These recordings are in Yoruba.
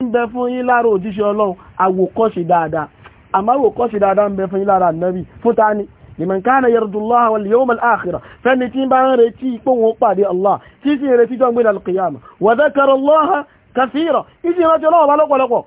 ń bẹ fún yín lára òjíṣẹ́ ọlọ́run àwòkọ́ṣe dáadáa àmọ́ àwòkọ́ṣe dáadáa ń bẹ fún yín lára ànábì fún ta ni liman kana yarjullaha wal yawmal akhir fẹ́ni tí bá ń retí pé wọn pàdé allah tí sì ń retí jọ́ gbé alqiyama wa dhakara allaha kathira ìjì ìrántí lọ́pọ̀lọpọ̀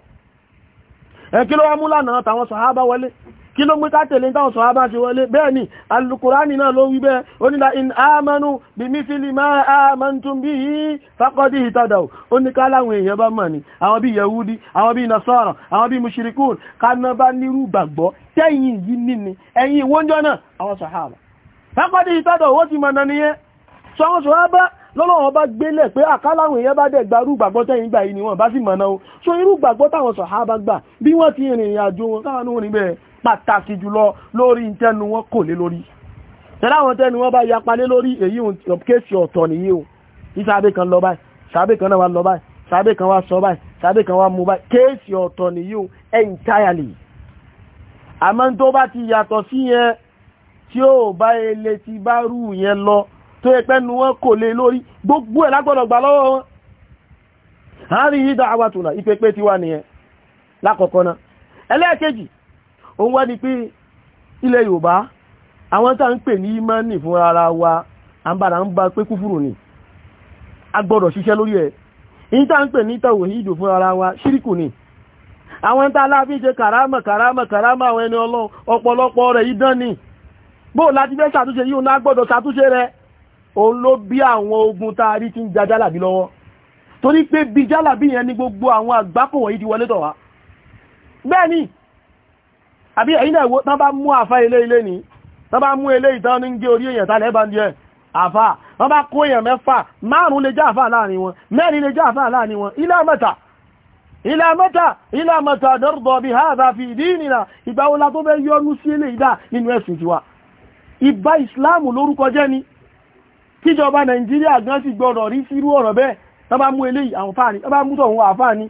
kí ló mú ká tẹ̀lé táwọn sọ̀hábà ti wọlé bẹ́ẹ̀ ni alukurani náà ló wí bẹ́ẹ̀ onílà in amanu bí mísìlì máa amantum bí i faqad ihtadaw ó ní ká láwọn èèyàn bá mọ̀ ní àwọn bí yahudi àwọn bí nasara àwọn bí mushirikun kaná bá nírú gbàgbọ́ tẹ́yìn yìí nínú ẹ̀yìn ìwọ́njọ́ náà àwọn sọ̀hábà faqad ihtadaw ó ti mọ̀nà nìyẹn sọ àwọn sọ̀hábà lọ́lọ́wọ́ bá gbélẹ̀ pé àkáláwọn èèyàn bá dẹ̀ gba irú ìgbàgbọ́ tẹ́yìn gbà yìí ni wọ́n pàtàkì jùlọ lórí tẹnu wọn kò lé lórí tẹ́lá àwọn tẹnu wọn bá yapa lé lórí èyí ò kéèsì ọ̀tọ̀ nìyí o ìsàbẹ̀ kan lọ báyìí sàbẹ̀ kan náà wà lọ báyìí sàbẹ̀ kan wà sọ báyìí sàbẹ̀ kan wà mú báyìí kéèsì ọ̀tọ̀ nìyí o entirely àmọ́ tó bá ti yàtọ̀ sí yẹn tí ó bá ele ti bá rú yẹn lọ tó yẹ pẹ́nu wọn kò lé lórí gbogbo ẹ̀ lágbọ́dọ̀ gbà lọ́wọ́ wọn àárín yìí dá àwàtúnà ìpépé tiwa nìyẹn lákọ̀ọ́kọ́ náà ẹlẹ́ẹ̀kejì O wá di pé ilẹ̀ Yorùbá àwọn tá ń pè imani fún ara wa àbára ń bá pé kúfùrù ni a gbọ́dọ̀ ṣiṣẹ́ lórí ẹ̀ in tá ń pè ní fún ara wa ṣíríkù ni àwọn tá láàfin ṣe kàrámà kàrámà kàrámà àwọn ẹni ọlọ́ ọ̀pọ̀lọpọ̀ rẹ̀ idán ni bó láti fẹ́ ṣàtúnṣe yíò náà gbọ́dọ̀ ṣàtúnṣe òun ló bí àwọn ogun tá ti ń ja jálàbí lọ́wọ́ torí pé bí jálàbí yẹn ni gbogbo àwọn àgbákò wọ̀nyí ti wọlé tọ̀ wá àbí ẹ̀yìn náà tán bá mú àfá ilé ilé ní tán bá mú ilé ìtàn ní gé orí èèyàn tàlẹ́ bá ń díẹ̀ àfá wọ́n bá kó èèyàn mẹ́fà márùn lè já àfá láàrin wọn la tó fẹ́ yọ́nú sí ilé ìdá nínú ẹ̀sìn tiwa ni kíjọba nàìjíríà gan sì gbọdọ̀ rí sírú ọ̀rọ̀ bẹ́ẹ̀ tán bá mú eléyìí àwọn fáà ni tán mú tọ̀hún àfáà ni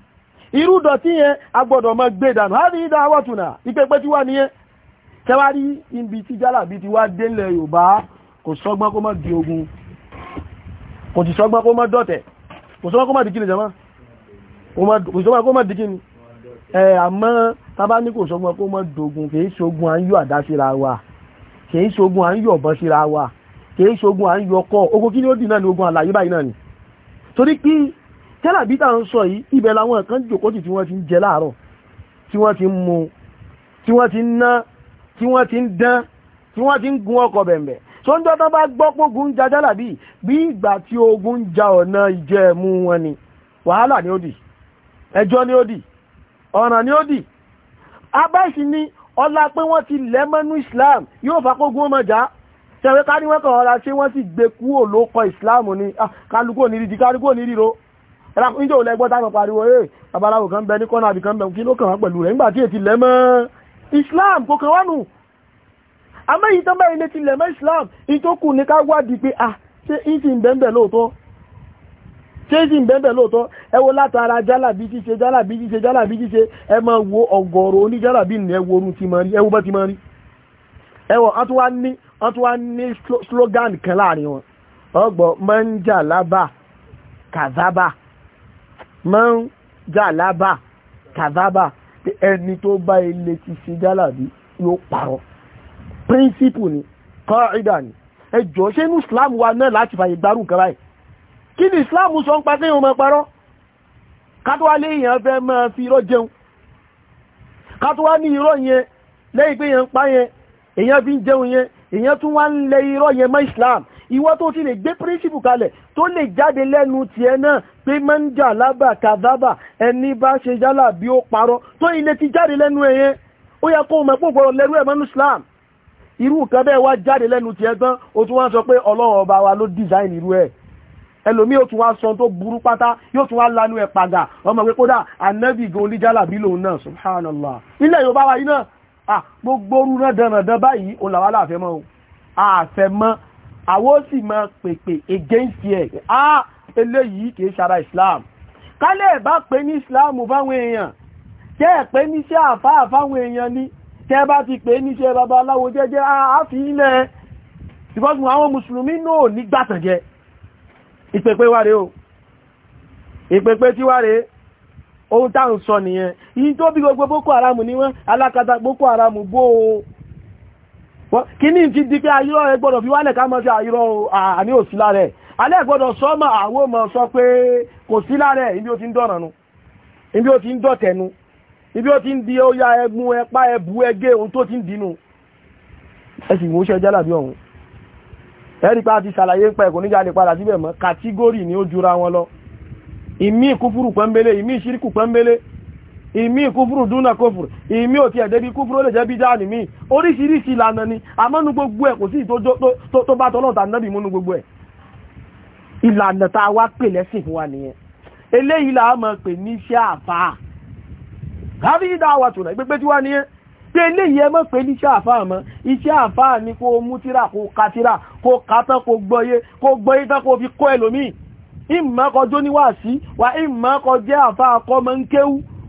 irú dọ̀tí yẹn agbọ́dọ̀ mọ́ gbé dànù á rí ìdá àwọ̀túnà ìpẹ́pẹ́ tí wà níyẹn tẹwárí ibi tí jálàbí ti wá délẹ̀ Yorùbá kò sọ́gbọ́n kó mọ́ di ogun kò ti sọ́gbọ́n kó mọ́ dọ̀tẹ̀ kò sọ́gbọ́n kó mọ́ di kíni jama kò sọ́gbọ́n kó mọ́ di kíni ẹ àmọ́ tábà ní kò sọ́gbọ́n kó mọ́ dogun kì í ṣogun kí ni ó jálàbí tá ń sọ yìí ibẹ̀ làwọn kan jòkó tí wọ́n ti ń jẹ láàárọ̀ tí wọ́n ti ń mu tí wọ́n ti ń ná tí wọ́n ti ń dán tí wọ́n ti ń gun ọkọ̀ bẹ̀m̀bẹ̀ tó ń jọ́tán bá gbọ́ pógun ja jálàbí bí ìgbà tí ogun ja ọ̀nà ìjẹ̀mú wọn ni wàhálà ni ó dì ẹjọ́ ni ó dì ọ̀ràn ni ó dì abáṣì ni ọlá pé wọ́n ti lẹ́ mọ́nú Islam yóò fa pógun ọmọ jà ṣẹ̀wé ká ní wọ́n kàn ọ̀rà ṣé wọ́n sì gbé kúò lókọ Islam ni ah, kálukú ní rídi kálukú ò ní ríro níjọ́ ò lẹ́gbọ́ táwọn pariwo ẹ̀ babaláwo kan bẹ ní kọ́nà àbí kan bẹ kí ló kàn wá pẹ̀lú rẹ̀ nígbà tí èti lẹ̀ mọ́ Islam kò kàn wá nù àmọ́ èyí Islam ìtókù ní ká wádìí ah ṣé ìsì ń bẹ́ẹ̀ lóòótọ́ ṣé ìsì ń bẹ́ẹ̀ lóòótọ́ ẹ wo látara jálàbí ṣíṣe jálàbí ṣíṣe jálàbí ṣíṣe ẹ máa wo ọ̀gọ̀rọ̀ oníjálàbí ní ẹwọ orun ti máa rí ẹwọ bá ti máa rí kàzábà man jàlábà kàzábà ẹni tó bá ilé ti ṣe jálàbí yóò parọ́ príncipù ni kọ́ìdà ni ẹjọ́ ṣe ní islam wa náà láti fàyè gbárù kan báyìí kí ni islam sọ ń pa sí ìhun mẹ́parọ́ kátówá lé èèyàn fẹ́ máa fi irọ́ jẹun kátówá ní irọ́ yẹn lẹ́yìn pé èèyàn pa yẹn èèyàn fi ń jẹun yẹn èèyàn tún wá ń lẹ irọ́ yẹn mọ́ islam ìwọ tó ti lè gbé príncipù kalẹ̀ tó lè jáde lẹ́nu tiẹ̀ náà pé mọ́njà lábà kàdábà ẹni bá ṣe jálà bí ó parọ́ tó ilé ti jáde lẹ́nu ẹ̀yẹn ó yẹ kó mọ̀ pòpọ̀rọ̀ lẹ́rú ẹ̀mọ́nú Islam irú nǹkan bẹ́ẹ̀ wá jáde lẹ́nu tiẹ̀ tán ó tún wá sọ pé ọlọ́run ọba wa ló design irú ẹ̀ subhanallah ilẹ̀ yorùbá wa yìí náà gbogbo orú náà dandan báyìí òun làwọn àwọn ó sì máa pèpè against ẹ̀ ah eléyìí kìí ṣara islam kálẹ̀ bá pé ní islam fáwọn èèyàn tẹ́ ẹ̀ pé níṣẹ́ àfáà fáwọn èèyàn ní tẹ́ bá ti pé níṣẹ́ babaláwo jẹ́jẹ́ àáfi ilẹ̀ ìbọ́sùn àwọn mùsùlùmí náà ní gbàtànjẹ́ ìpèpè wáre o ìpèpè tí wáre ohun táà ń sọ nìyẹn yí tó bí gbogbo boko haram ní wọ́n alákatà boko kíní ti di pé ayírọ́ ẹ gbọ́dọ̀ fi wálẹ̀ ká mọ́ sí ayírọ́ àní ò sí lárẹ̀ alẹ́ gbọ́dọ̀ sọ mọ́ àwọn ọmọ sọ pé kò sí lárẹ̀ ibi ó ti ń dọ̀nànú ibi ó ti ń dọ̀tẹ̀nu ibi ó ti ń di óyá ẹgbun ẹpá ẹbù ẹgẹ́ ohun tó ti ń dínú pa ti ṣàlàyé ń pa ẹ̀kọ́ ni ó jura wọn lọ ìmí ìkúfúrù ìmí kúfúrú dúnà kófùrù ìmí òtí ẹ̀dẹ́bí kúfúrú ó lè jẹ́ bí dáàni mí oríṣiríṣi ìlànà ni àmọ́nu gbogbo ẹ̀ kò sí tó bá tọ́lọ́ta náà bí múnú gbogbo ẹ̀ ìlànà tá a wá pè lẹ́sìn fún wa nìyẹn eléyìí là á mọ̀ pè ní iṣẹ́ àfà kárí ìdáwà tó rẹ̀ pépé tí wá nìyẹn pé eléyìí ẹ mọ̀ pé ní àfà mọ́ iṣẹ́ àfà ni kó mú tíra kó ka tíra kó ka tán kó gbọ́yé kó gbọ́yé tán kó fi kọ́ ẹlòmíì ìmọ̀kọjó níwàásí wà ìmọ̀kọjẹ́ àfà akọ́mọ ń kéwú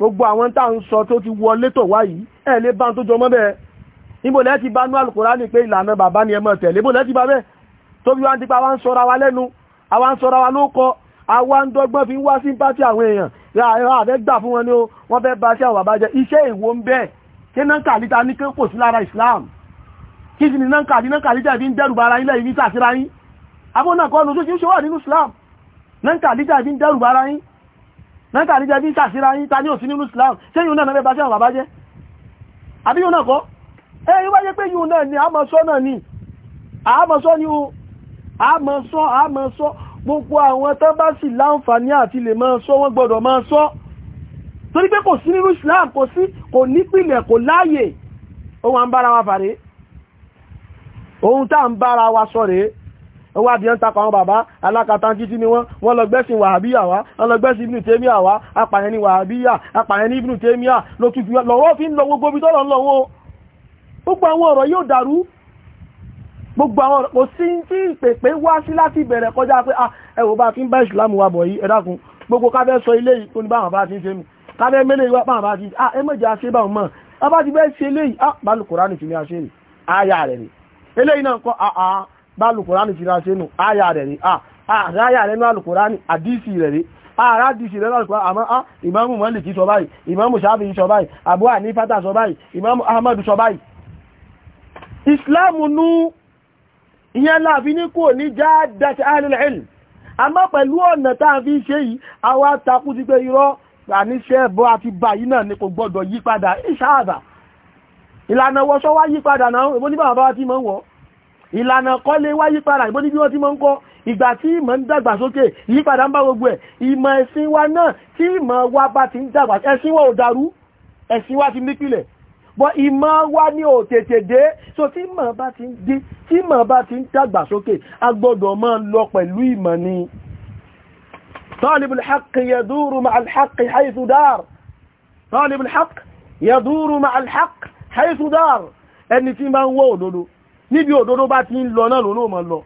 gbogbo àwọn tá ń sọ tó ti wọlé tọ̀ wá yìí ẹ̀ lè bá tó jọmọ́ bẹ́ẹ̀ níbo lẹ́ ti bá ní Al-Kùránì pé ìlànà bàbá ni ẹ máa tẹ̀lé bó lẹ́ ti bá bẹ́ẹ̀ tó bí wá ń tipa wá ń sọra wa lẹ́nu àwa ń sọra wa ló kọ àwa ń dọ́gbọ́n fi ń wá sí pátí àwọn èèyàn ra ẹ̀rọ àfẹ́ gbà fún wọn ni ó wọ́n fẹ́ bá sí àwọn bàbá jẹ iṣẹ́ ìwo ń bẹ́ẹ̀ kí náà kàlítà ní kí kò sí lára Islam kí sì ní náà kàlí náà kàlítà fi ń dẹ́rù bara yín lẹ́yìn ní sàsíra yín abónà kọ́ lóṣooṣù ṣe wà nínú Islam náà kàlítà fi ń dẹ́rù bara yín náà ní jẹ́ bí tàṣírá yí ta ní òsí nínú Islam ṣe yíò náà náà bẹ́bá sí àwọn bàbá jẹ́ àbí yíò náà kọ́ ẹ yíò wáyé pé yíò náà ni àmọ́sọ́ náà ni àmọ́sọ́ ni o àmọ́sọ́ àmọ́sọ́ gbogbo àwọn tán bá sì láǹfààní àti lè máa sọ wọ́n gbọ́dọ̀ máa sọ torí pé kò sí nínú Islam kò sí kò nípìlẹ̀ kò láàyè ohun à wá bí ẹ́ ń takọ̀ àwọn bàbá alákatájíjí ni wọ́n wọ́n lọ gbẹ́sìn wàhábíyà wá wọ́n lọ gbẹ́sìn ibnu tèmíà wá apàyẹni wàhábíyà apàyẹni ibnu tèmíà lọ́wọ́ fi ń lọ gbogbo bí tọ́lọ̀ lọ́wọ́ gbogbo àwọn ọ̀rọ̀ yóò dàrú gbogbo àwọn ọ̀rọ̀ kò sí tí ìpèpè wá sí láti bẹ̀rẹ̀ kọjá pé ah, ẹ wò bá fi ń bá ìsìlámù wa bọ̀ yìí ẹ dákun gbogbo káfẹ́ sọ ilé yìí tó ní báwọn bá ti ń ṣe bá alùkùránì ti ra ṣe nù áyà rẹ̀ rí àráyà rẹ̀ ní alùkùránì àdísì rẹ̀ rí ara dìsì rẹ̀ lọ́rùn àmọ́ á ìmáàmù Málíkì sọ báyìí ìmáàmù Ṣáfi'í sọ báyìí Abu Hanifa sọ báyìí ìmáàmù Ahmadu sọ báyìí ìsìláàmù nú ìyẹn láàfin ní kò ní jáàdàtì ahlul ilm àmọ́ pẹ̀lú ọ̀nà táà fi ṣe yìí àwọn atakú ti pé irọ́ àníṣẹ́ ẹbọ àti báyìí náà ni kò gbọ́dọ̀ yípadà ìṣáàbà ìlànà wọṣọ wá yípadà náà ìbóníbà bá ti mọ́ wọ́n ìlànà kọ́lé wáyé padà ìbó níbi wọ́n ti mọ́ ń kọ́ ìgbà tí ìmọ̀ ń dàgbà sókè ìyípadà ń bá gbogbo ẹ̀ ìmọ̀ ẹ̀sìn wa náà tí ìmọ̀ wa bá ti ń dàgbà ẹ̀sìn wa ò dàrú ẹ̀sìn wa ti nípìlẹ̀ bọ́ ìmọ̀ wa ní ò tètè dé so tí ìmọ̀ bá ti ń dé tí ìmọ̀ bá ti ń dàgbà sókè a gbọ́dọ̀ lọ pẹ̀lú ìmọ̀ ni talibul haqqi yaduru ma'al haqqi haythu ẹni tí máa ń wọ́ òdodo níbi òdodo bá ti ń lọ náà lòun ó mọ̀ lọ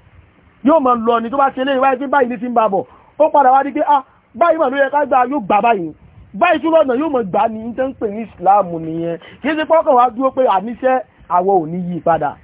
yóò mọ̀ lọ ni tó bá ṣe lé ìwáyé tí báyìí ní ti ń bá ó padà wá di ah báyìí mà ló yẹ ká gbà yóò gbà báyìí báyìí tún lọ́nà yóò mọ̀ gbà ní ní tẹ́ ń pè ní Islam nìyẹn kì í ṣe pọ́kàn wá dúró pé àníṣẹ́ àwọ̀ ò yí padà